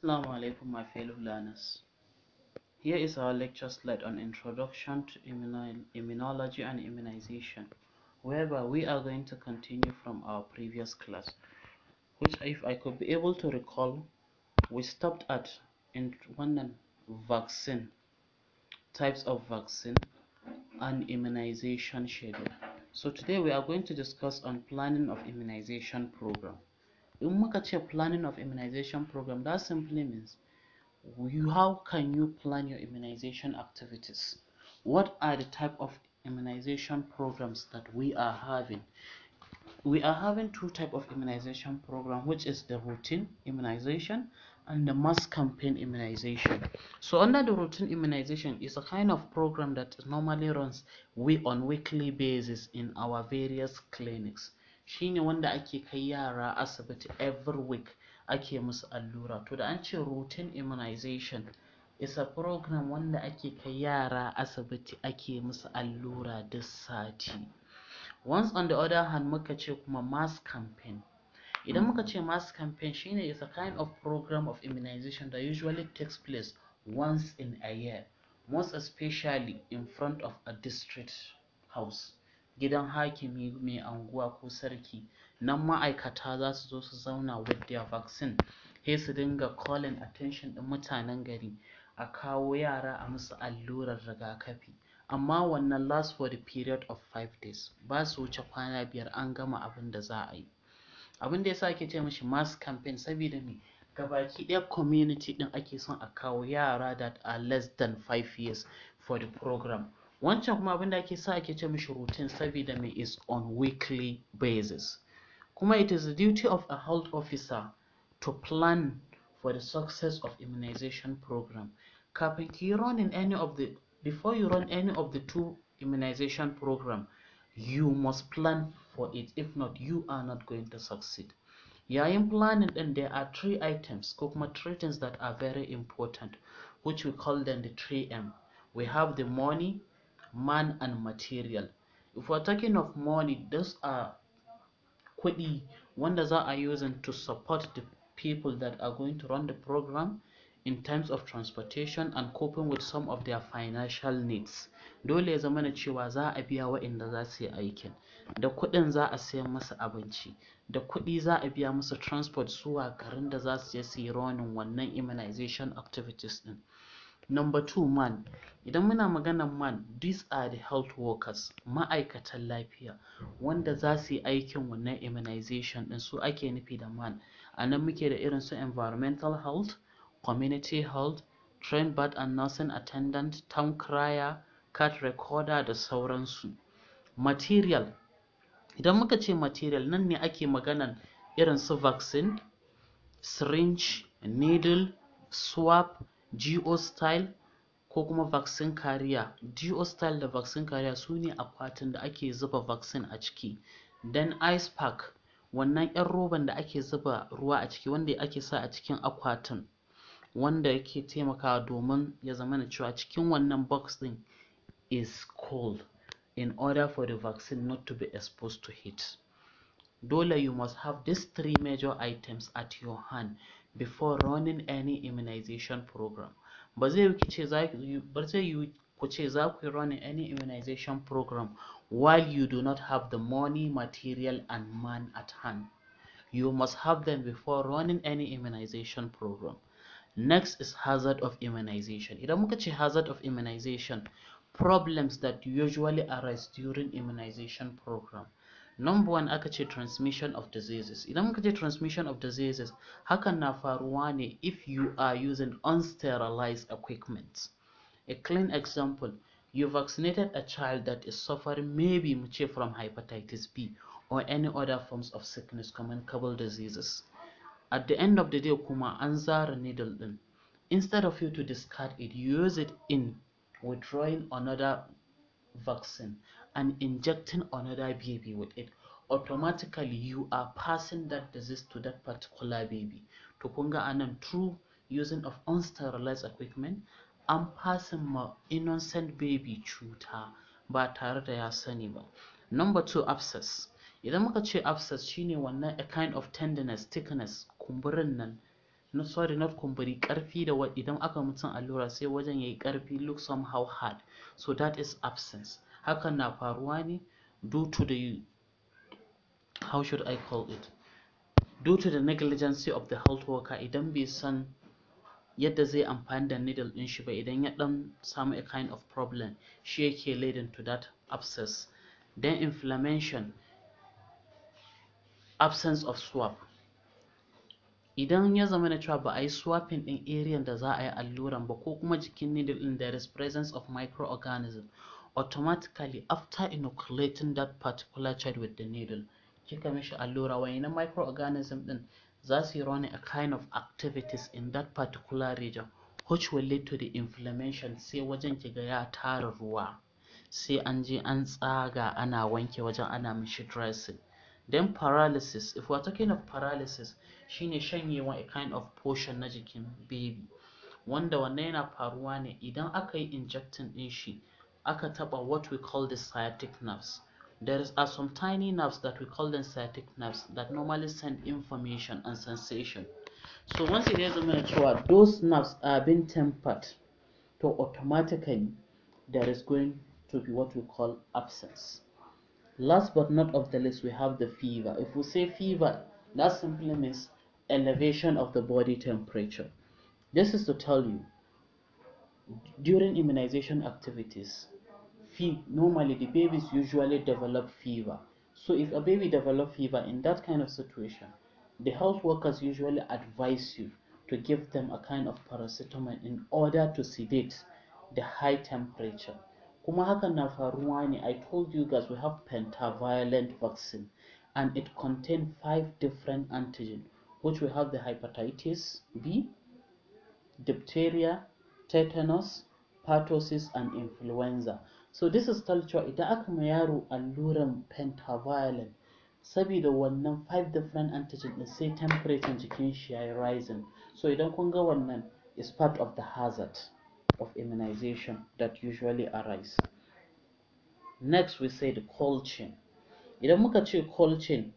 Assalamu alaikum my fellow learners. Here is our lecture slide on Introduction to Immunology and Immunization, whereby we are going to continue from our previous class, which if I could be able to recall, we stopped at in one vaccine, types of vaccine and immunization schedule. So today we are going to discuss on planning of immunization program in muka planning of immunization program that simply means you, how can you plan your immunization activities what are the type of immunization programs that we are having we are having two type of immunization program which is the routine immunization and the mass campaign immunization so under the routine immunization is a kind of program that normally runs we on weekly basis in our various clinics shine wanda ake kai yara asibiti every week ake musu allura to da an ce routine immunization is a program wanda ake kai yara asibiti ake musu allura duk sati once on the other hand muka ce kuma mass campaign idan muka ce mass campaign shine is a kind of program of immunization that usually takes place once in a year most especially in front of a district house gidan hakimi mai anguwa ko sarki nan ma'aikata za su zo su zauna with their vaccine he su dinga calling attention ɗin mutanen gari a kawo yara a musu allurar rigakafi amma wannan last for the period of five days ba su wuce kwana biyar an gama abin da za a yi abin da ya sa ake ce mashi mass campaign saboda me gabaki ɗaya community ɗin ake son a kawo yara that are less than five years for the program wancan kuma abin da ake sa ake ce mishi routine saboda me is on weekly basis kuma it is the duty of a health officer to plan for the success of immunization program kafin ki run in any of the before you run any of the two immunization program you must plan for it if not you are not going to succeed yayin planning And there are three items ko kuma three things that are very important which we call them the 3m we have the money man and material if we're talking of money those are kuɗi wanda za a using to support the people that are going to run the program in terms of transportation and coping with some of their financial needs dole ya zama na cewa za a biya waɗanda za su yi aikin da kuɗin za a sayan masa abinci da kuɗi za a biya masa transport zuwa garin da za su je su yi running wannan immunization activities ɗin number two man idan muna maganan man these are the health workers ma'aikatan lafiya wanda za su yi aikin wannan immunization ɗin su ake nufi da man a nan muke da irin su environmental health community health trained birth and nursing attendant town crier card recorder da sauransu material idan muka ce material nan ne ake maganan irin su vaccine syringe needle swab style ko kuma vaccine carrier style da vaccine carrier su ne akwatin da ake zuba vaccine a ciki dan ice pack wannan yan roban da ake zuba ruwa a ciki wanda ake sa a cikin akwatin wanda yake taimakawa domin ya zama na cewa cikin wannan box din is cold in order for the vaccine not to be exposed to heat dole you must have these three major items at your hand before running any immunization program ba zai yi ku ce za ku yi running any immunization program while you do not have the money material and man at hand you must have them before running any immunization program next is hazard of immunization idan muka ce hazard of immunization problems that usually arise during immunization program number one aka ce transmission of diseases idan muka ce transmission of diseases hakan na faruwa ne if you are using unsterilized equipment a clean example you vaccinated a child that is suffering maybe muce from hepatitis b or any other forms of sickness communicable diseases at the end of the day kuma an zara needle din instead of you to discard it use it in withdrawing another vaccine and injecting another baby with it automatically you are passing that disease to that particular baby to kunga anan through using of unsterilized equipment an passing my innocent baby cuta ba tare da ya sani ba number two abscess idan muka ce abscess shine wannan a kind of tenderness thickness kumburin nan no sorry not kumburi karfi da idan aka mutum allura sai wajen yayi karfi look somehow hard so that is absence Hakan na faruwa ne due to the how should I call it due to the negligency of the health worker idan bai san yadda zai amfani da needle ɗin shi ba idan ya ɗan samu a kind of problem shi yake leading to that abscess then inflammation absence of swab idan ya zama na cewa ba a yi swapping ɗin area da za a yi alluran ba ko kuma jikin needle in there is presence of microorganism automatically after inoculating that particular child with the needle kika mishi allura wayannan microorganism din za su yi running a kind of activities in that particular region which will lead to the inflammation sai wajen kiga ya tara ruwa sai an je an tsaga ana wanke wajen ana mishi dressing then paralysis if we're talking of paralysis shine shanyewa a kind of portion na jikin baby wanda wannan yana faruwa ne idan aka yi injecting din shi aka taba what we call the sciatic nerves there are some tiny nerves that we call them sciatic nerves that normally send information and sensation so once it is a cewa those nerves are being tempered so automatically there is going to be what we call absence last but not of the least we have the fever if we say fever that simply means elevation of the body temperature this is to tell you during immunization activities fe- normally the babies usually develop fever. So if a baby develops fever in that kind of situation, the health workers usually advise you to give them a kind of paracetamol in order to sedate the high temperature. Kuma na faruwa I told you guys we have pentavalent vaccine and it contains five different antigen, which we have the hepatitis B, diphtheria, tetanus, pertussis and influenza. so this is culture idan aka ma yaro alluran pentavalent sabida wannan five different antigen din sai temperature jikin shi rising so idan kun ga wannan is part of the hazard of immunization that usually arise next we say the cold chain idan muka ce cold chain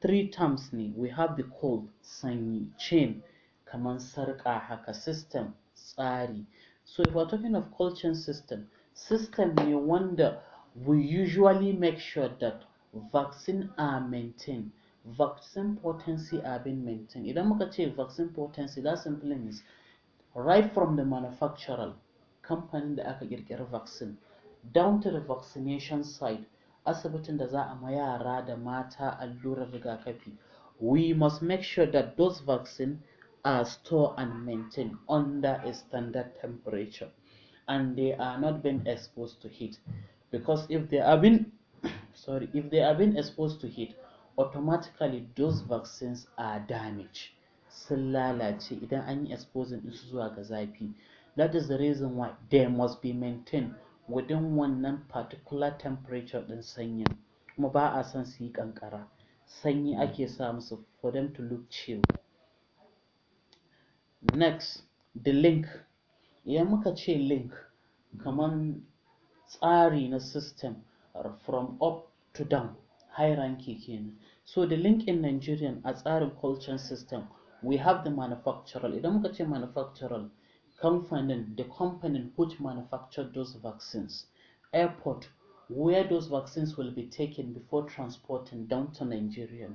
three terms ne we have the cold sanyi chain kaman sarƙa haka system tsari so if we're talking of cold chain system system ne wanda we usually make sure that vaccine are maintained vaccine potency are being maintained idan muka ce vaccine potency that simply means right from the manufacturer company da aka kirkiri vaccine down to the vaccination site asibitin da za a ma yara da mata allurar rigakafi we must make sure that those vaccine are stored and maintained under a standard temperature and they are not being exposed to heat because if they are been sorry if they are been exposed to heat automatically those vaccines are damaged sun lalace idan an yi exposing su zuwa ga zafi that is the reason why they must be maintained within wannan particular temperature ɗin sanyin kuma ba a son su yi ƙanƙara sanyi ake sa musu for them to look chill next the link idan muka ce link kamar tsari na system from up to down hierarchy kenan so the link in Nigerian a tsarin culture system we have the manufacturer idan muka ce manufacturer company the company which manufactured those vaccines airport where those vaccines will be taken before transporting down to Nigeria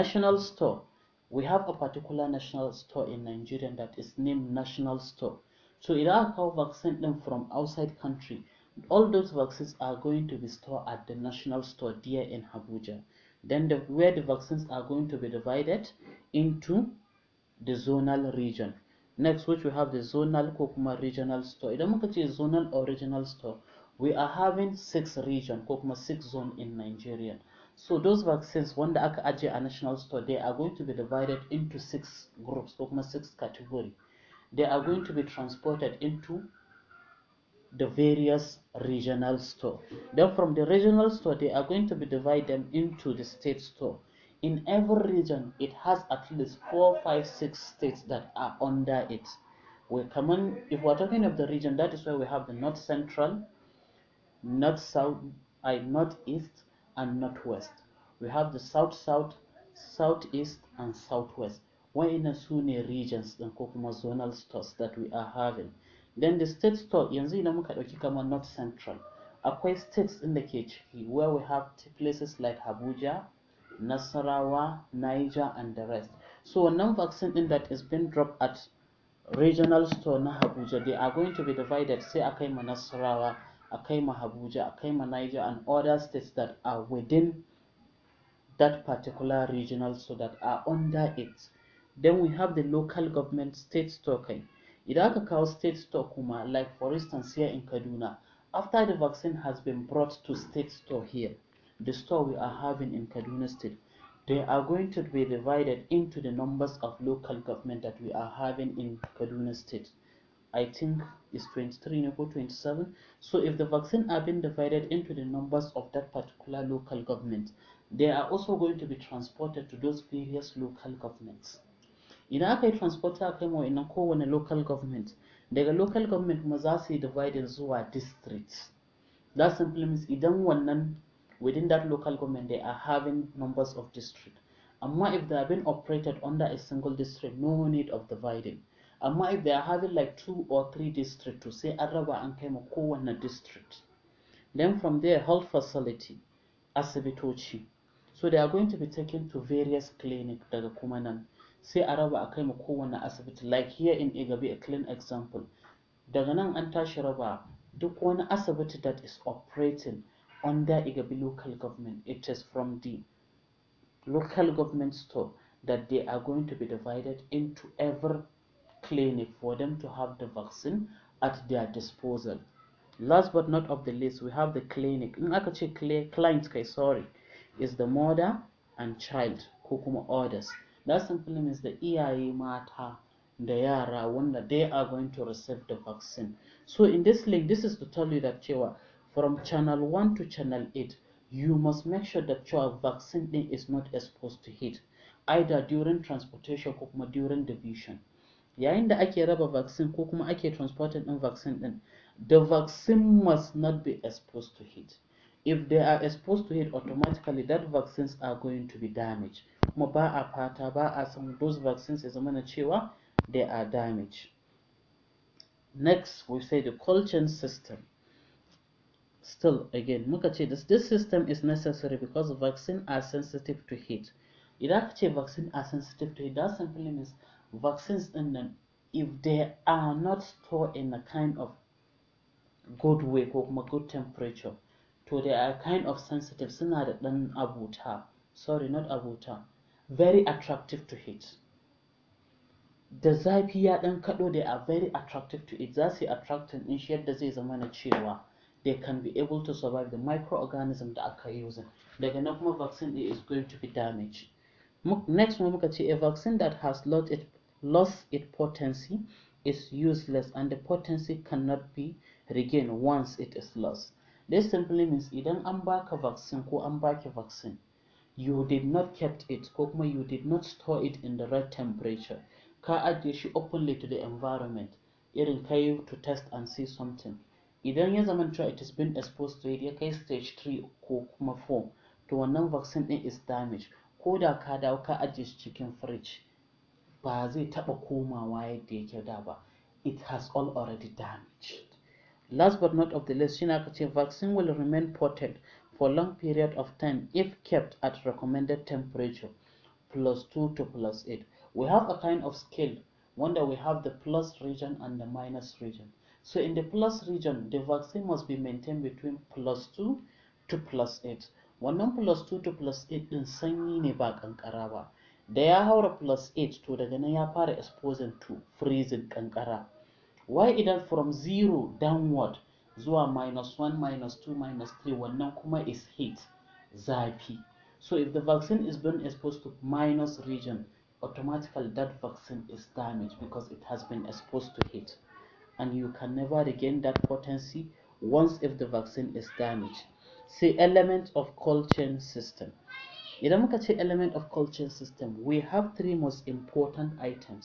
national store we have a particular national store in Nigeria that is named national store So it aka kawo vaccine them from outside country, all those vaccines are going to be stored at the national store there in Abuja. Then the, where the vaccines are going to be divided into the zonal region. Next, which we have the zonal Kokuma regional store. Idan muka ce zonal or regional store, we are having six regions, Kokuma six zone in Nigeria. So those vaccines, wanda aka ajiye a national store, they are going to be divided into six groups Kokuma six categories. they are going to be transported into the various regional store. Then from the regional store, they are going to be divided them into the state store. In every region, it has at least four, five, six states that are under it. We come on, if we're talking of the region, that is where we have the north central, north south, I north east, and northwest. We have the south south, southeast, and southwest. wa'annan su ne regions din ko kuma zonal stores that we are having then the state store yanzu idan muka ɗauki kamar north central akwai states in da ke ciki where we have places like abuja nasarawa niger and the rest so wannan vaccine in that is being dropped at regional store na abuja they are going to be divided sai a kai ma nasarawa a kai ma abuja a kai ma niger and other states that are within that particular regional so that are under it Then we have the local government state store kai. Idan state store like for instance here in Kaduna, after the vaccine has been brought to state store here, the store we are having in Kaduna state, they are going to be divided into the numbers of local government that we are having in Kaduna state. I think it's 23 no 27 so if the vaccine are being divided into the numbers of that particular local government they are also going to be transported to those various local governments idan aka yi transporter kai yi wa'annan kowane local government daga local government kuma za su yi dividing zuwa district that simply means idan wannan within that local government they are having numbers of district amma if they are being operated under a single district no need of dividing amma if they are having like two or three district to say an raba an kai ma kowane district then from there health facility asibitoci so they are going to be taken to various clinic daga kuma nan sai a raba a kai ma kowane asibiti like here in Igabi a clean example daga nan an tashi raba duk wani asibiti that is operating under Igabi local government it is from the local government store that they are going to be divided into every clinic for them to have the vaccine at their disposal last but not of the least we have the clinic in aka ce client kai sorry is the mother and child ko kuma others That means the iyaye mata da yara wanda they are going to receive the vaccine. So in this link, this is to tell you that cewa from channel 1 to channel 8, you must make sure that your vaccine din is not exposed to heat either during transportation ko kuma during division. Yayin da ake raba vaccine ko kuma ake transporting din vaccine din, the vaccine must not be exposed to heat. If they are exposed to heat, automatically that vaccines are going to be damaged. kuma ba a fata ba a son those vaccines ya zama na cewa they are damaged next we say the chain system still again muka ce this, this system is necessary because vaccines are sensitive to heat idan ka ce vaccines are sensitive to heat that simply means vaccines in them. if they are not stored in a kind of good way ko kuma good temperature to they are kind of sensitive suna da ɗan abuta sorry not abuta very attractive to hit. da zafi ya dan kado they are very attractive to it za su yi attracting din shi yadda zai zama na cewa they can be able to survive the microorganism da aka using daga nan kuma vaccine din is going to be damaged next mu muka ce a vaccine that has lost its, lost potency is useless and the potency cannot be regained once it is lost this simply means idan an baka vaccine ko an baki vaccine you did not kept it ko kuma you did not store it in the right temperature ka ajiye shi openly to the environment irin kai to test and see something idan ya zama cewa it has been exposed to it ya kai stage 3 ko kuma 4 to wannan vaccine din is damaged ko da ka dawo ka ajiye shi cikin fridge ba zai taba komawa yadda yake da ba it has all already damaged last but not of the least shine aka ce vaccine will remain potent for long period of time if kept at recommended temperature plus 2 to plus 8. We have a kind of scale that we have the plus region and the minus region. So in the plus region, the vaccine must be maintained between plus 2 to plus 8. Wannan plus 2 to plus 8 din sanyi ne ba kankara ba. Da ya haura plus 8 to daga nan ya fara exposing to freezing kankara. Why idan from 0 downward zuwa minus 1 minus 2 minus 3 wannan kuma is heat zafi so if the vaccine is being exposed to minus region automatically that vaccine is damaged because it has been exposed to heat and you can never regain that potency once if the vaccine is damaged say element of cold chain system idan muka ce element of cold chain system we have three most important items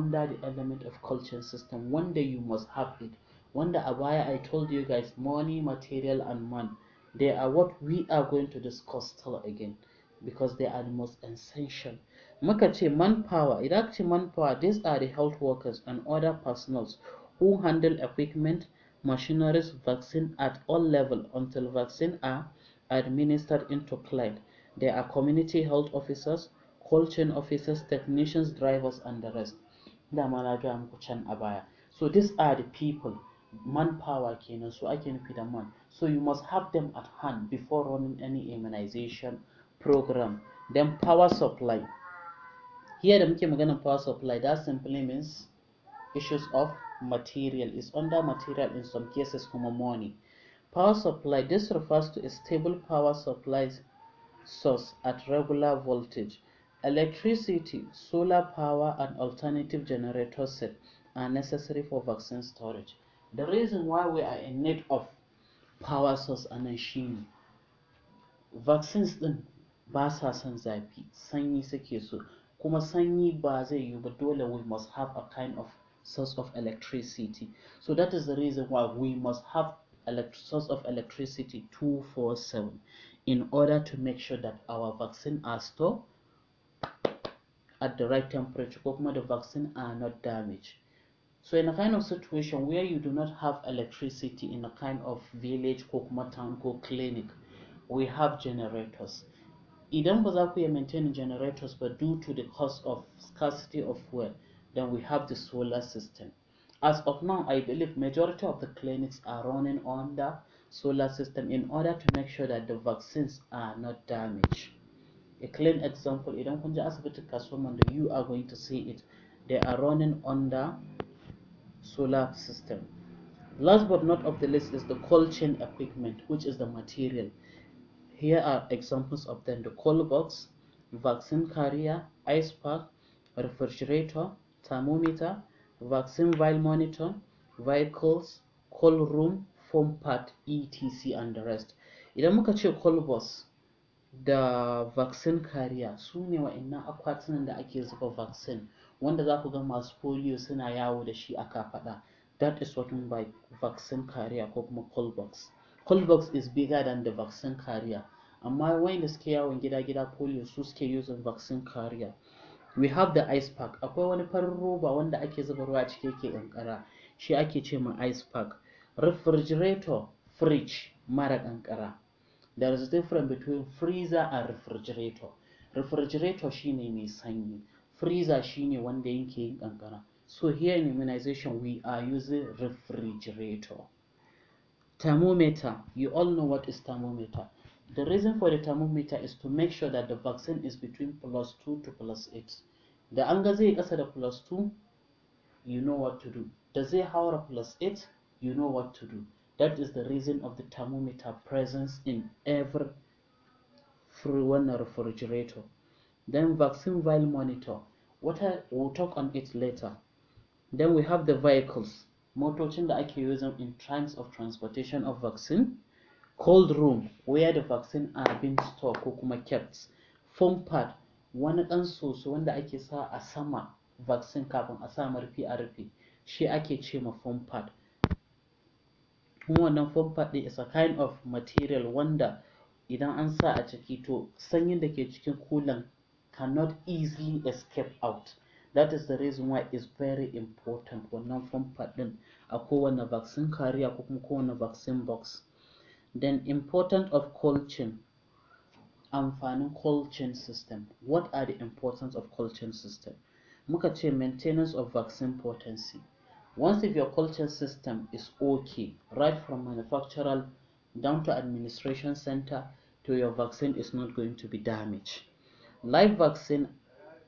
under the element of cold chain system day you must have it wanda a baya I told you guys money, material and man. They are what we are going to discuss still again because they are the most essential. Muka ce manpower, idan ce manpower, these are the health workers and other personals who handle equipment, machineries, vaccine at all level until vaccine are administered into client. They are community health officers, cold chain officers, technicians, drivers, and the rest. Dama na gaya muku can a baya. So these are the people manpower so I can feed a man so you must have them at hand before running any immunization program then power supply here da muke maganar power supply that simply means issues of material is under material in some cases kuma money power supply this refers to a stable power supply source at regular voltage electricity solar power and alternative generator set are necessary for vaccine storage the reason why we are in need of power source a shine vaccines din ba sa son zafi sanyi suke so kuma sanyi ba zai yi ba dole we must have a kind of source of electricity so that is the reason why we must have source of electricity 247 in order to make sure that our vaccine are stored at the right temperature kuma the vaccine are not damaged so in a kind of situation where you do not have electricity in a kind of village ko kuma town ko clinic we have generators idan ba za ku iya maintaining generators but due to the cost of scarcity of fuel then we have the solar system as of now i believe majority of the clinics are running on the solar system in order to make sure that the vaccines are not damaged a clean example idan kun je asibitin kasuwan da you are going to see it they are running under solar system. Last but not of the list is the cold chain equipment, which is the material. Here are examples of them the cold box, vaccine carrier, ice pack, refrigerator, thermometer, vaccine vial monitor, vehicles, cold room, form part, etc. and the rest. Idamuka muka cold box the vaccine carrier su ne wa'annan akwatunan da vaccine. wanda za ku ga masu polio suna yawo da shi a kafaɗa that is what by vaccine carrier ko kuma cold box cold box is bigger than the vaccine carrier amma wayanda suke yawon gida-gida polio su suke using vaccine carrier we have the ice pack akwai wani farin roba wanda ake zuba ruwa ciki yake kankara shi ake ce ma ice pack refrigerator fridge mara kankara there is difference between freezer and refrigerator refrigerator shine mai sanyi freezer shine wanda yake yin kankara so here in immunization we are using refrigerator thermometer you all know what is thermometer the reason for the thermometer is to make sure that the vaccine is between plus 2 to plus 8 da an ga zai kasa da plus 2 you know what to do da zai haura plus 8 you know what to do that is the reason of the thermometer presence in every free one refrigerator then vaccine vial monitor what I will talk on it later then we have the vehicles motocin da ake using in times of transportation of vaccine cold room where the vaccine are being stored ko kuma kept foam pad wani ɗan soso wanda ake sa a sama vaccine kafin a sa marfi a rufe shi ake ce ma foam pad kuma wannan foam pad ɗin is a kind of material wanda idan an sa a ciki to sanyin da ke cikin kulan cannot easily escape out that is the reason why it's very important wannan I din a vaccine carrier ko kuma vaccine box then important of cold chain finding cold chain system what are the importance of cold chain system muka maintenance of vaccine potency once if your cold chain system is okay right from manufacturer down to administration center to your vaccine is not going to be damaged Live vaccine,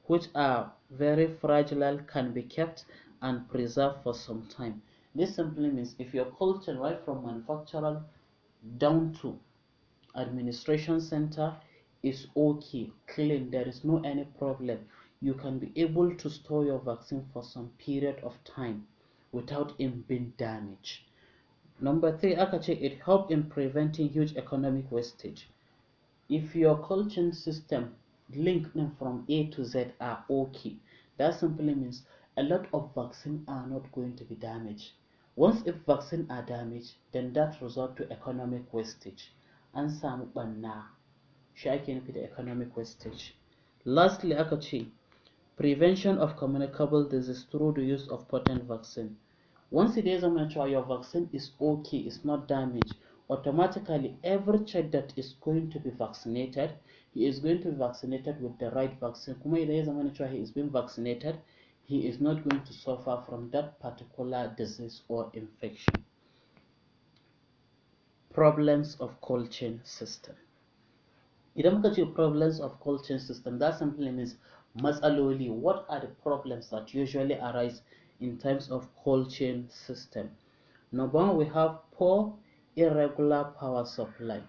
which are very fragile, can be kept and preserved for some time. This simply means if your culture right from manufacturer down to administration center is okay, clean, there is no any problem. You can be able to store your vaccine for some period of time without it being damaged. Number three, Akache, it helps in preventing huge economic wastage. If your chain system Linking from A to Z are okay. That simply means a lot of vaccines are not going to be damaged. Once if vaccines are damaged, then that result to economic wastage. and some ɓanna now, ake the economic wastage. Lastly aka prevention of communicable disease through the use of potent vaccine. Once it is a mature, your vaccine is okay, it's not damaged automatically every child that is going to be vaccinated he is going to be vaccinated with the right vaccine he is being vaccinated he is not going to suffer from that particular disease or infection problems of cold chain system idan muka problems of cold chain system that simply means masaloli. what are the problems that usually arise in terms of cold chain system number one we have poor irregular power supply.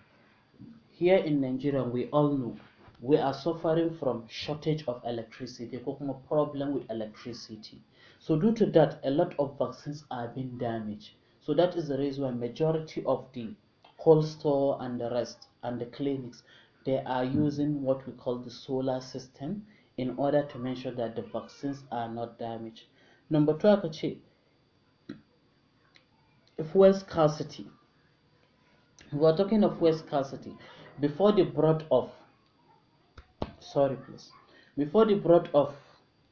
Here in Nigeria, we all know we are suffering from shortage of electricity, problem with electricity. So due to that, a lot of vaccines are being damaged. So that is the reason why majority of the whole store and the rest and the clinics, they are using what we call the solar system in order to make sure that the vaccines are not damaged. Number two, I could fuel scarcity we are talking of waste scarcity before the brought of sorry please before the brought of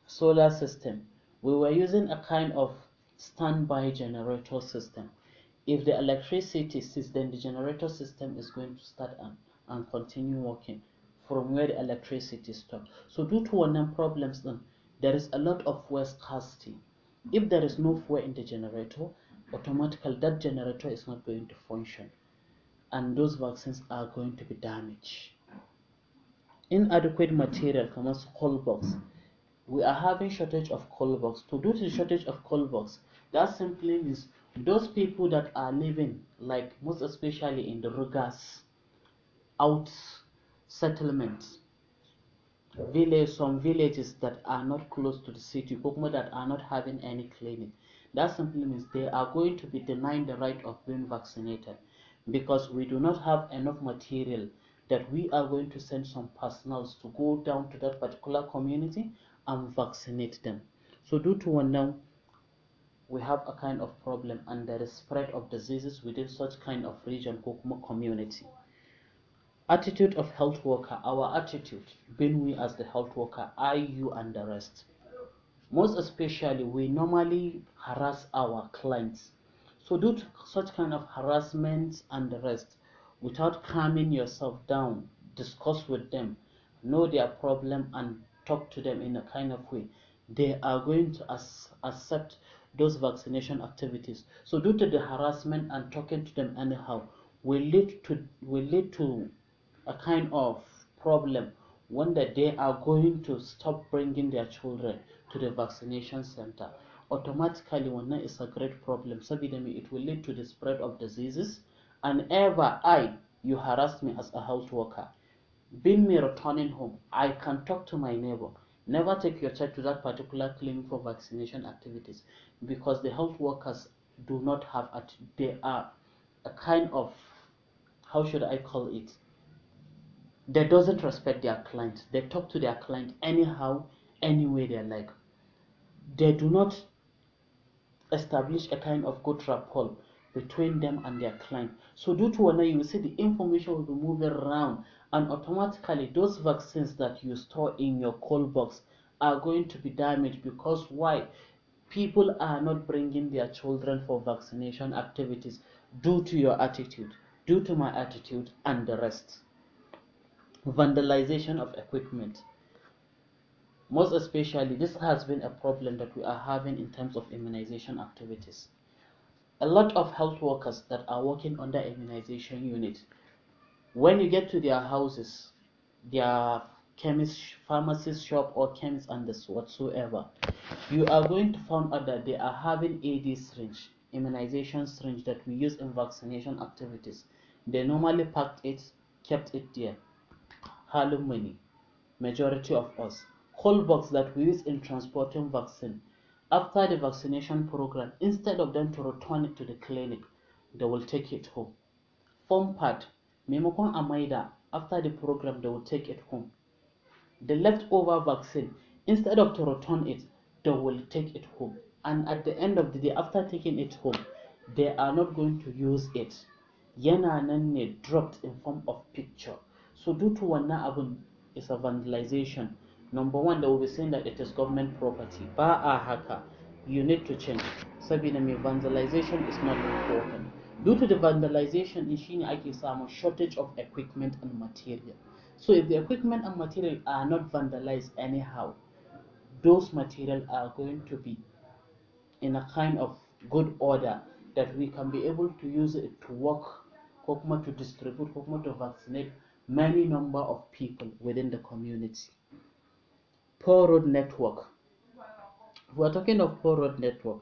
solar system we were using a kind of standby generator system if the electricity system, then the generator system is going to start and, and continue working from where the electricity stops so due to one problems then there is a lot of waste scarcity if there is no fuel in the generator automatically that generator is not going to function and those vaccines are going to be damaged inadequate material comes su cold box we are having shortage of cold box to do the shortage of cold box that simply means those people that are living like most especially in the rugas out settlements village some villages that are not close to the city Pokemon that are not having any clinic that simply means they are going to be denied the right of being vaccinated because we do not have enough material that we are going to send some personals to go down to that particular community and vaccinate them. So due to one now, we have a kind of problem and there is spread of diseases within such kind of region or community. Attitude of health worker, our attitude, being we as the health worker, I, you and the rest. Most especially, we normally harass our clients so do such kind of harassment and the rest without calming yourself down. Discuss with them, know their problem, and talk to them in a kind of way. They are going to accept those vaccination activities. So due to the harassment and talking to them anyhow will lead to will lead to a kind of problem when they are going to stop bringing their children to the vaccination center automatically day is a great problem sabidami me it will lead to the spread of diseases and ever I you harass me as a health worker being me returning home I can talk to my neighbor never take your child to that particular clinic for vaccination activities because the health workers do not have they are a kind of how should I call it they doesn't respect their clients they talk to their client anyhow any way they like they do not establish a kind of good rapport between them and their client. So due to one, you see the information will be moving around and automatically those vaccines that you store in your cold box are going to be damaged because why? People are not bringing their children for vaccination activities due to your attitude, due to my attitude and the rest. Vandalization of equipment. Most especially, this has been a problem that we are having in terms of immunization activities. A lot of health workers that are working under immunization unit, when you get to their houses, their chemist, pharmacist shop or chemist and this whatsoever, you are going to find out that they are having AD syringe, immunization syringe that we use in vaccination activities. They normally packed it, kept it there. many, majority of us. box that we use in transporting vaccine after the vaccination program instead of them to return it to the clinic they will take it home. Form part maimakon after the program they will take it home. The leftover vaccine instead of to return it they will take it home and at the end of the day after taking it home they are not going to use it yana nan ne dropped in form of picture so due to wannan abun is a vandalization number one they will be saying that it is government property ba haka you need to change Second, the vandalization is not important due to the vandalization din are seeing samun shortage of equipment and material so if the equipment and material are not vandalized anyhow those material are going to be in a kind of good order that we can be able to use it to work ko to distribute ko to vaccinate many number of people within the community poor road network. We are talking of poor road network.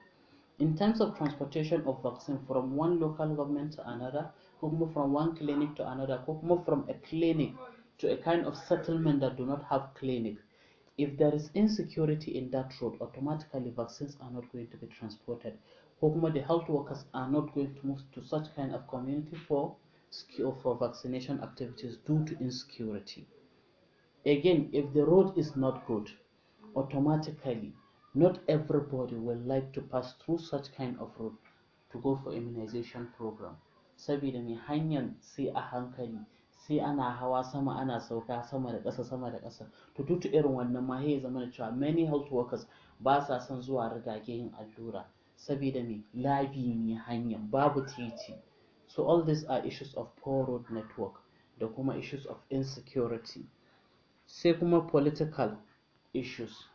In terms of transportation of vaccine from one local government to another, move from one clinic to another, move from a clinic to a kind of settlement that do not have clinic. If there is insecurity in that road, automatically vaccines are not going to be transported. Kokuma, the health workers are not going to move to such kind of community for, for vaccination activities due to insecurity. Again, if the road is not good, automatically not everybody will like to pass through such kind of road to go for immunization program. Sabida mai hanyar sai a hankali sai ana hawa sama ana sauka sama da ƙasa sama da ƙasa to duk irin wannan ma ya zama da cewa many health workers ba sa son zuwa rigage yin allura Sabida mai labi ne hanyar babu titi so all these are issues of poor road network da kuma issues of insecurity sai kuma political issues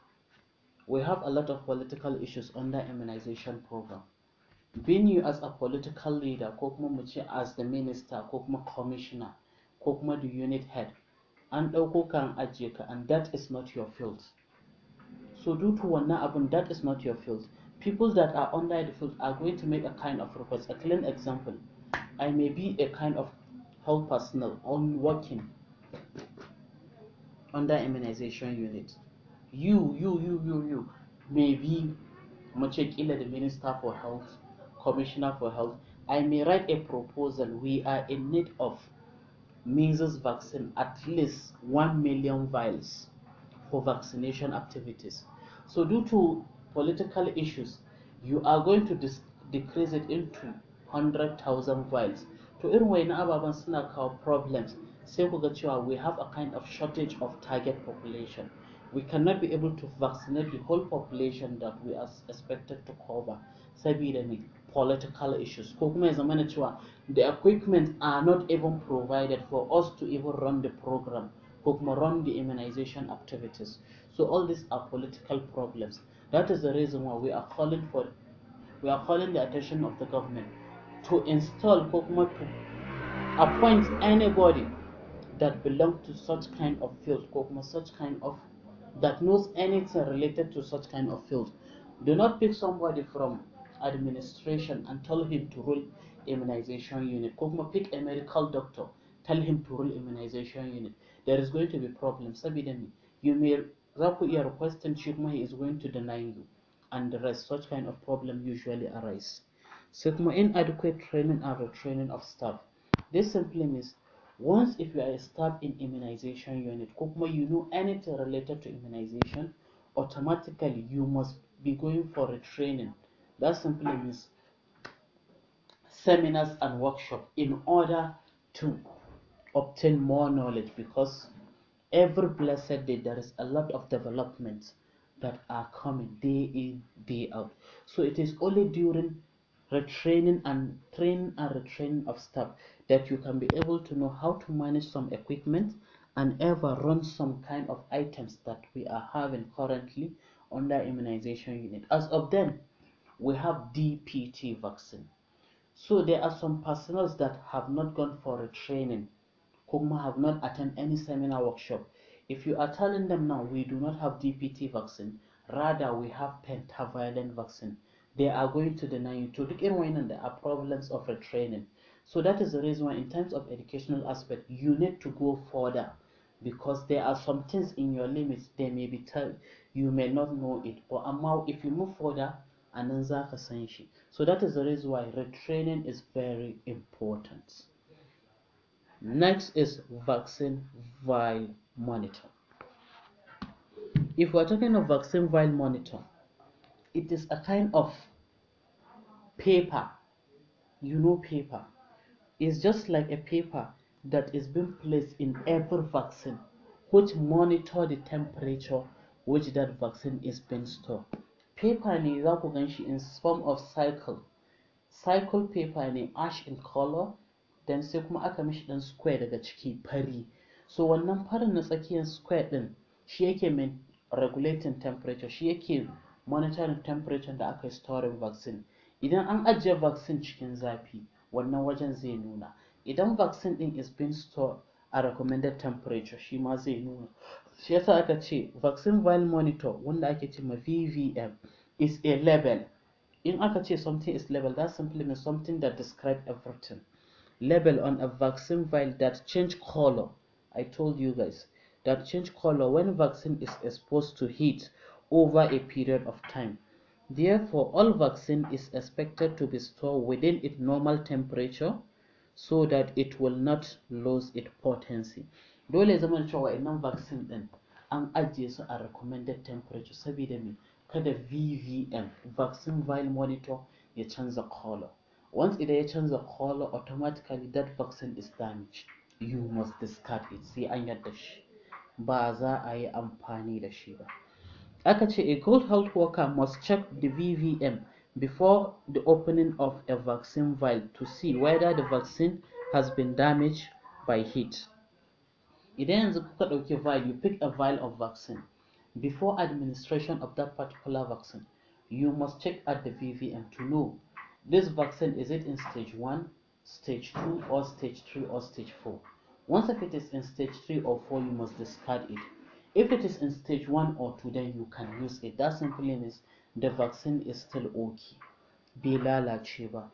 we have a lot of political issues under immunization program being you as a political leader ko kuma mu ce as the minister ko kuma commissioner ko kuma the unit head an ɗauko ka an ajiye ka and that is not your field so due to wannan abun that is not your field people that are under the field are going to make a kind of request a clean example i may be a kind of health personnel on working under immunization unit you you you you you maybe mace kila the minister for health commissioner for health i may write a proposal we are in need of measles vaccine at least 1 million vials for vaccination activities so due to political issues you are going to decrease it into 100,000 vials to irin wayannan ababen suna kawo problems sai we have a kind of shortage of target population we cannot be able to vaccinate the whole population that we are expected to cover saboda me political issues the equipment are not even provided for us to even run the program ko run the immunization activities so all these are political problems that is the reason why we are calling for we are calling the attention of the government to install to appoint anybody that belong to such kind of field ko such kind of that knows anything related to such kind of field do not pick somebody from administration and tell him to rule immunization unit ko pick a medical doctor tell him to rule immunization unit there is going to be problems. you may za ku iya requesting shi he is going to deny you and the rest such kind of problem usually arise so, kuma inadequate training and retraining of staff this simply means once if you are a staff in immunization unit ko you know anything related to immunization, automatically you must be going for a training. That simply means seminars and workshop in order to obtain more knowledge because every blessed day there is a lot of developments that are coming day in day out so it is only during retraining and training and retraining of staff that you can be able to know how to manage some equipment and ever run some kind of items that we are having currently under immunization unit. As of then, we have DPT vaccine. So there are some personals that have not gone for a training, whom have not attended any seminar workshop. If you are telling them now we do not have DPT vaccine, rather we have pentavalent vaccine, they are going to deny you to look in there the problems of a training. So that is the reason why in terms of educational aspect, you need to go further because there are some things in your limits they may be tell you may not know it but amma if you move further and then so that is the reason why retraining is very important next is vaccine vial monitor if we're talking of vaccine vial monitor it is a kind of paper you know paper is just like a paper that is being placed in every vaccine which monitor the temperature which that vaccine is being stored paper ne za gan shi in form of cycle cycle paper ne ash in color then sai kuma aka mishi dan square daga ciki fari so wannan farin na tsakiyar square din shi yake regulating temperature shi yake monitoring temperature da aka storing vaccine idan an ajiye vaccine cikin zafi wannan wajen zai nuna idan vaccine din is being stored a recommended temperature shi ma zai nuna shi yasa aka ce vaccine vial monitor wanda ake ce ma VVM is a label in aka ce something is label that simply means something that describes everything level on a vaccine vial that change color I told you guys that change color when vaccine is exposed to heat over a period of time Therefore, all vaccine is expected to be stored within its normal temperature so that it will not lose its potency. Dole zama cewa innan vaccine din an ajiye su a recommended temperature saboda me kada VVM vaccine vial monitor ya canza color. Once idan ya canza color automatically that vaccine is damaged. You must discard it sai an yadda shi. Ba za a yi amfani da shi ba. aka ce a good health worker must check the VVM before the opening of a vaccine vial to see whether the vaccine has been damaged by heat. Idan yanzu kuka ɗauki vial, you pick a vial of vaccine. Before administration of that particular vaccine, you must check at the VVM to know this vaccine is it in stage 1, stage 2, or stage 3 or stage 4. Once if it is in stage 3 or 4, you must discard it. If it is in stage one or two then you can use it. That simply means the vaccine is still okay. Bai lalace ba.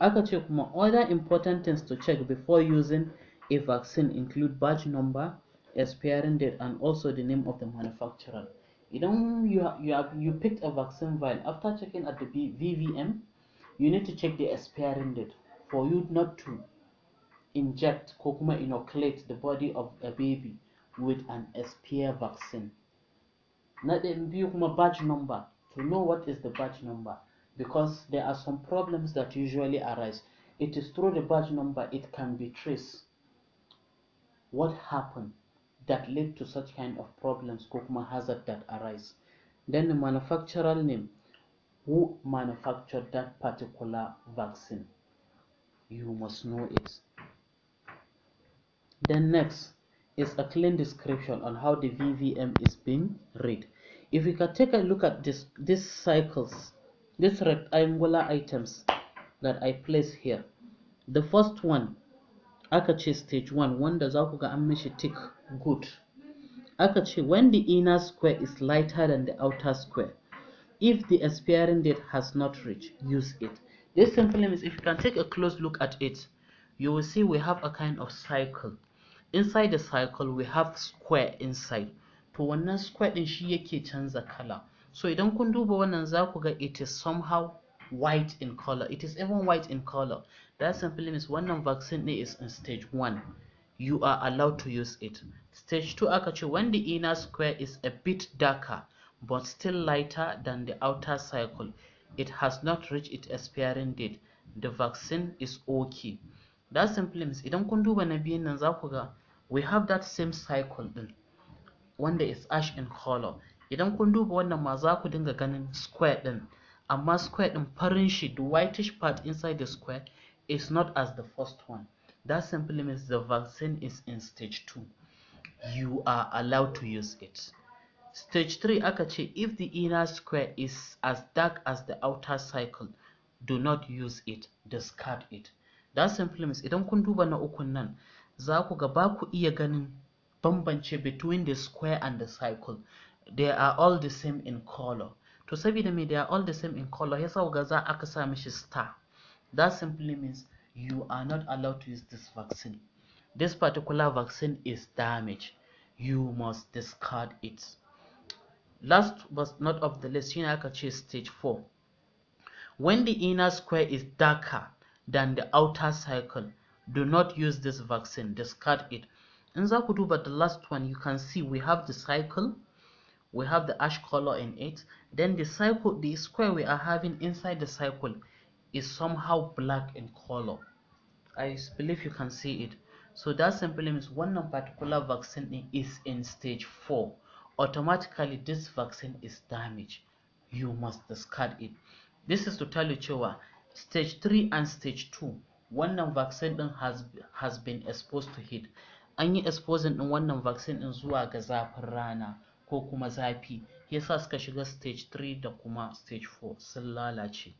Aka ce kuma other important things to check before using a vaccine include batch number, expiring date, and also the name of the manufacturer. Idan you, you, have, you picked a vaccine vial, after checking at the VVM, you need to check the expiring date for you not to inject inoculate the body of a baby. with an SPF vaccine. Na ɗayan biyu my batch number. To know what is the batch number because there are some problems that usually arise. It is through the batch number it can be traced what happened that led to such kind of problems kokuma hazard that arise then the manufacturer name who manufactured that particular vaccine you must know it then next is a clean description on how the VVM is being read. If we can take a look at this, these cycles, these rectangular items that I place here. The first one, aka stage 1, When does ku ga an tick good. Aka when the inner square is lighter than the outer square, if the expiring date has not reached, use it. This simply means if you can take a close look at it, you will see we have a kind of cycle inside the circle we have square inside to wannan square din shi yake canza kala so idan kun duba wannan za ku ga it is somehow white in color it is even white in color that simply means wannan vaccine ne is in stage 1 you are allowed to use it stage 2 aka ce when the inner square is a bit darker but still lighter than the outer circle it has not reached its expiring date the vaccine is okay Dasin films idan kun duba na biyan nan za ga we have that same cycle din wanda is ash in color idan kun duba wannan ma zaku dinga ganin square din amma square din farin shi the whitish part inside the square is not as the first one that simply means the vaccine is in stage 2 you are allowed to use it stage 3 aka ce if the inner square is as dark as the outer circle do not use it discard it Dancing films idan kun duba na ukun nan za ku ga ba ku iya ganin bambance between the square and the circle. They are all the same in color. To saboda me they are all the same in color yasa ga za aka sa mishi star. That simply means you are not allowed to use this vaccine. This particular vaccine is damaged. You must discard it. Last but not of the list, shine aka ce stage 4. When the inner square is darker than the outer circle. Do not use this vaccine, discard it. In But the last one, you can see we have the cycle, we have the ash color in it. Then the cycle, the square we are having inside the cycle is somehow black in color. I believe you can see it. So that simply means one particular vaccine is in stage 4. Automatically, this vaccine is damaged. You must discard it. This is to tell you, Chewa, stage 3 and stage 2 wannan vaccine din has, has been exposed to heat an yi exposing din wannan vaccine din zuwa ga zafin rana ko kuma zafi yasa suka shiga stage 3 da kuma stage 4 sun lalace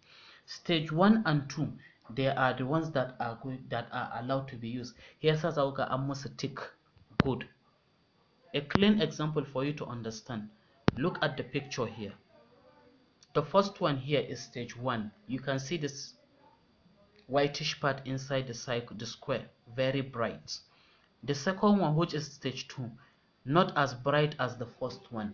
stage 1 and 2 they are the ones that are good, that are allowed to be used yasa za ga an musu tick good a clean example for you to understand look at the picture here the first one here is stage 1 you can see this whitish part inside the cycle the square very bright the second one which is stage 2 not as bright as the first one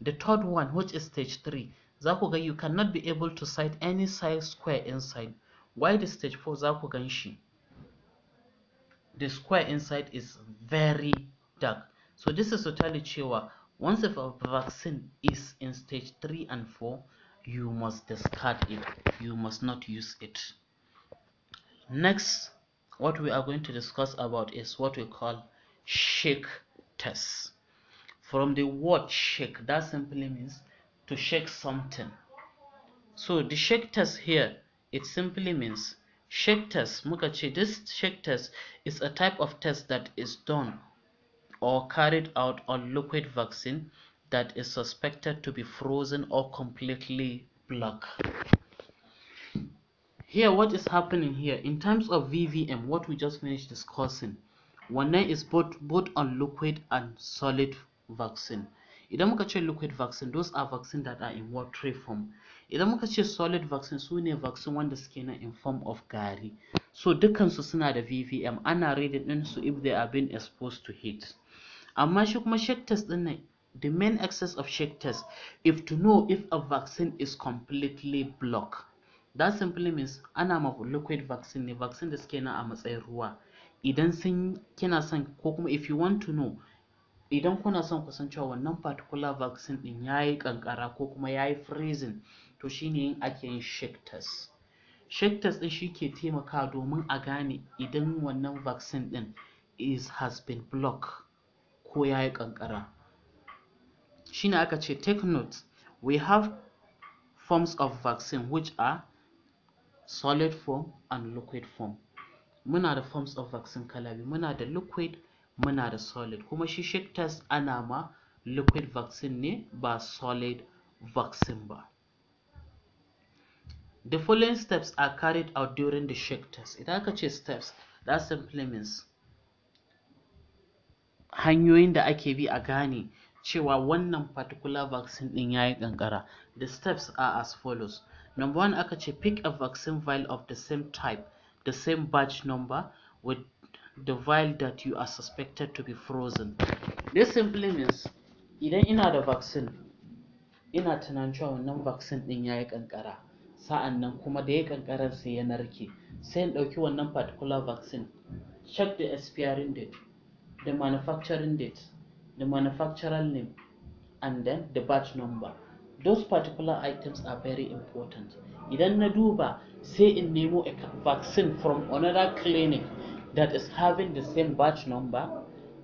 the third one which is stage 3 za ga you cannot be able to sight any size square inside Why the stage 4 za ku shi the square inside is very dark so this is totally tell once a vaccine is in stage 3 and 4 you must discard it you must not use it next what we are going to discuss about is what we call shake test from the word shake that simply means to shake something so the shake test here it simply means shake test mukachi this shake test is a type of test that is done or carried out on liquid vaccine that is suspected to be frozen or completely black here what is happening here in terms of VVM what we just finished discussing one is both both on liquid and solid vaccine idan muka ce liquid vaccine those are vaccine that are in watery form idan muka ce solid vaccine su ne vaccine one the nan in form of gari so can sustain the VVM ana reading so if they are being exposed to heat amma shi test din The main access of shake test if to know if a vaccine is completely blocked. That simply means ana ma liquid vaccine ne vaccine da suke nan a matsayin ruwa. Idan sun kina son ko kuma if you want to know idan kuna son ku san cewa wannan particular vaccine din yayi kankara ko kuma yayi freezing to shine yin ake yin shake test. Shake test din shike taimakawa domin a gane idan wannan vaccine din is has been blocked ko yayi kankara. shine aka ce take note we have forms of vaccine which are solid form and liquid form muna da forms of vaccine kala biyu muna da liquid muna da solid kuma shi shake test ana ma liquid vaccine ne ba solid vaccine ba the following steps are carried out during the shake test idan aka ce steps that simply means hanyoyin da ake bi a gane cewa wannan particular vaccine din yayi kankara the steps are as follows number one aka ce pick a vaccine vial of the same type the same batch number with the vial that you are suspected to be frozen this simply means idan ina da vaccine ina tunanin cewa wannan vaccine din yayi kankara sa'an nan kuma da ya kankarar sai ya narke sai in ɗauki wannan particular vaccine check the expiring date the manufacturing date the manufacturer name and then the batch number those particular items are very important idan na duba sai in nemo a vaccine from another clinic that is having the same batch number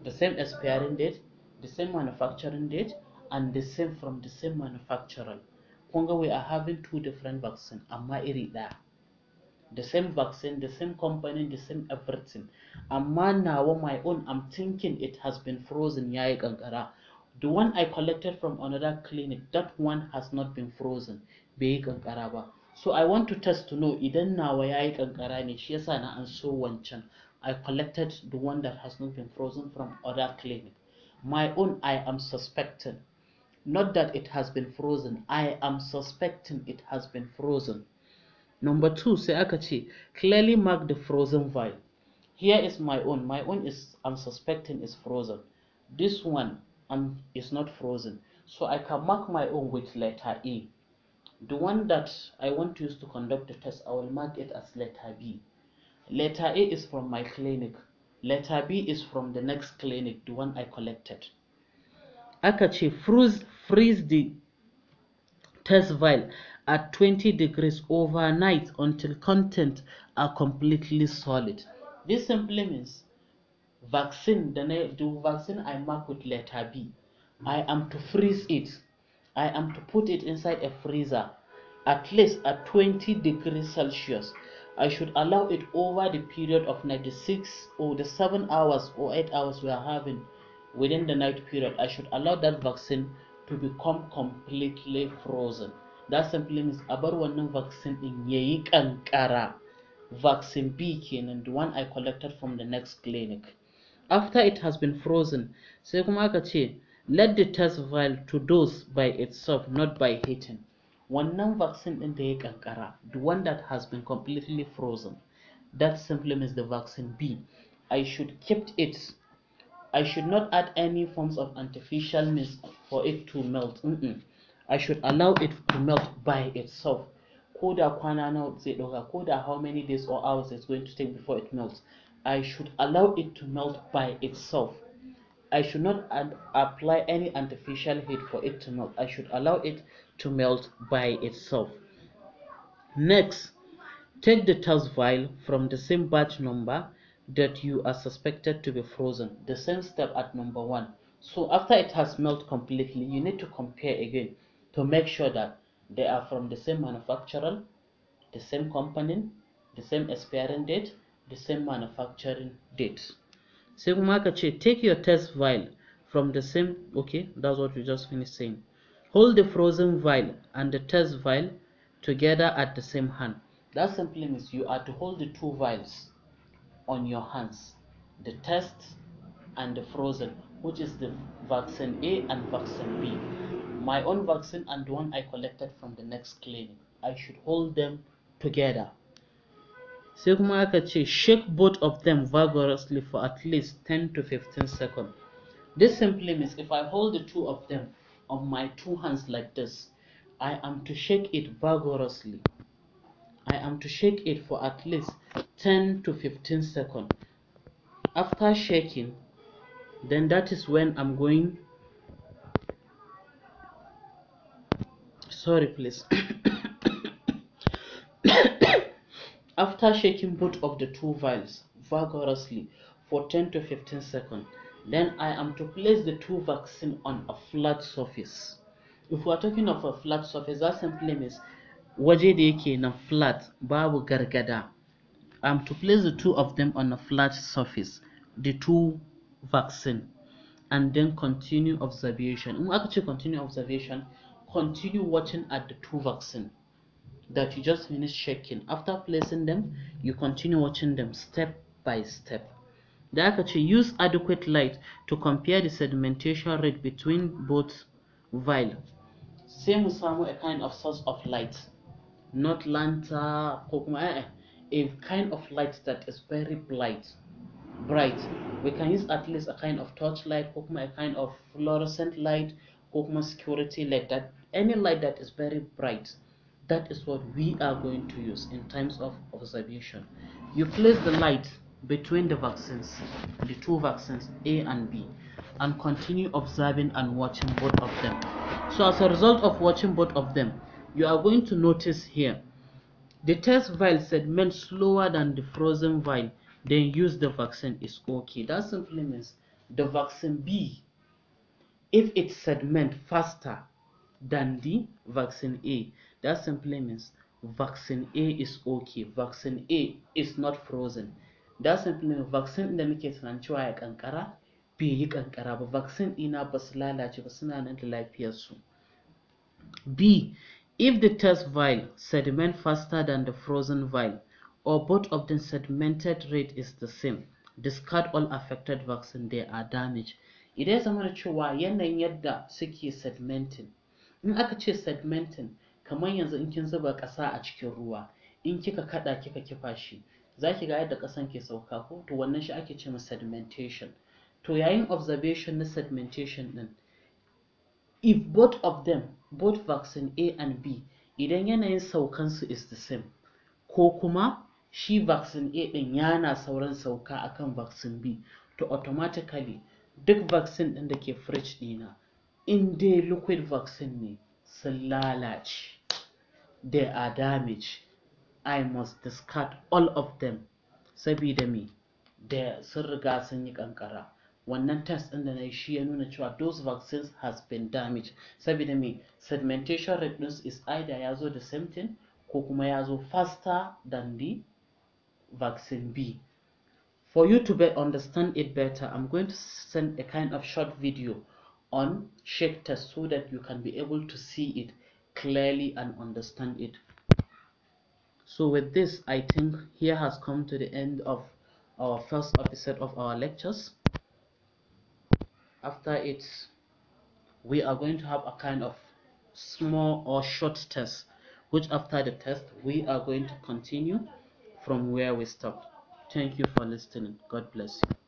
the same expiring date the same manufacturing date and the same from the same manufacturer kunga we are having two different vaccine amma iri ɗaya the same vaccine the same company the same everything now on my own i'm thinking it has been frozen yayi kankara the one i collected from another clinic that one has not been frozen bai kankara ba so i want to test to know idan now, yayi kankara ni shi yasa na an so i collected the one that has not been frozen from other clinic my own i am suspecting not that it has been frozen i am suspecting it has been frozen number two say Akachi, clearly mark the frozen vial here is my own my own is i'm suspecting is frozen this one um, is not frozen so i can mark my own with letter E. the one that i want to use to conduct the test i will mark it as letter b letter a is from my clinic letter b is from the next clinic the one i collected Akachi freeze, freeze the test vial at 20 degrees overnight until content are completely solid. This simply means vaccine, the, the vaccine I mark with letter B, I am to freeze it. I am to put it inside a freezer at least at 20 degrees Celsius. I should allow it over the period of 96 or the 7 hours or 8 hours we are having within the night period. I should allow that vaccine to become completely frozen that simply means a one wannan vaccine yek yayi kankara vaccine B kenan the one I collected from the next clinic after it has been frozen say kumakachi, let the test vial to dose by itself not by heating wannan vaccine the yek ya kankara the one that has been completely frozen that simply means the vaccine B I should keep it I should not add any forms of artificial means for it to melt mm -mm. I should allow it to melt by itself Koda kwana nawa zai how many days or hours it's going to take before it melts I should allow it to melt by itself I should not apply any artificial heat for it to melt I should allow it to melt by itself next take the test vial from the same batch number that you are suspected to be frozen the same step at number one so after it has melted completely you need to compare again to make sure that they are from the same manufacturer, the same company, the same expiring date, the same manufacturing date. So, kuma take your test vial from the same okay that's what we just finished saying. Hold the frozen vial and the test vial together at the same hand. That simply means you are to hold the two vials on your hands, the test and the frozen, which is the vaccine A and vaccine B my own vaccine and the one I collected from the next clinic. I should hold them together. Sai kuma aka ce shake both of them vigorously for at least 10 to 15 seconds. This simply means if I hold the two of them on my two hands like this, I am to shake it vigorously. I am to shake it for at least 10 to 15 seconds. After shaking, then that is when I'm going Sorry, please. After shaking both of the two vials vigorously for 10 to 15 seconds, then I am to place the two vaccine on a flat surface. If we are talking of a flat surface, that simply means waje da yake na flat babu gargada. I am to place the two of them on a flat surface, the two vaccine, and then continue observation. In aka ce continue observation, continue watching at the two vaccine that you just finished checking after placing them you continue watching them step by step the aka use adequate light to compare the sedimentation rate between both vial Same as samu a kind of source of light not lanta eh, eh. a kind of light that is very bright bright we can use at least a kind of torchlight, light a kind of fluorescent light ko security light that any light that is very bright that is what we are going to use in times of observation you place the light between the vaccines the two vaccines a and b and continue observing and watching both of them so as a result of watching both of them you are going to notice here the test vial sediment slower than the frozen vial then use the vaccine is okay that simply means the vaccine b if it segment faster than the vaccine A. That simply means vaccine A is okay, vaccine A is not frozen. That simply means vaccine da nake sanan cewa ya kankara bai yi kankara but vaccine ɗina ba su lalace ba suna nan da lafiyarsu. B. If the test vial sediment faster than the frozen vial or both of the sedimented rate is the same, discard all affected vaccine they are damaged. Idan zama da cewa yanayin yadda suke sedimenting in aka ce segmenting kamar yanzu in kin zuba ƙasa a cikin ruwa in kika kaɗa kika kifa shi za ki ga yadda ƙasan ke sauka ko to wannan shi ake ce sedimentation to yayin observation na sedimentation ɗin, if both of them both vaccine A and B idan yanayin saukansu is the same ko kuma shi vaccine A din yana sauran sauka akan vaccine B to automatically duk vaccine ɗin da ke fridge dina in dai liquid vaccine ne sun lalace they are damaged i must discard all of them sabida me da sun riga sun yi kankara wannan test ɗin da na shi ya nuna cewa those vaccines has been damaged saboda me segmentation redness is either ya zo same thing ko kuma ya zo faster than the vaccine B for you to be understand it better I'm going to send a kind of short video on shape so that you can be able to see it clearly and understand it so with this i think here has come to the end of our first episode of our lectures after it we are going to have a kind of small or short test which after the test we are going to continue from where we stopped thank you for listening god bless you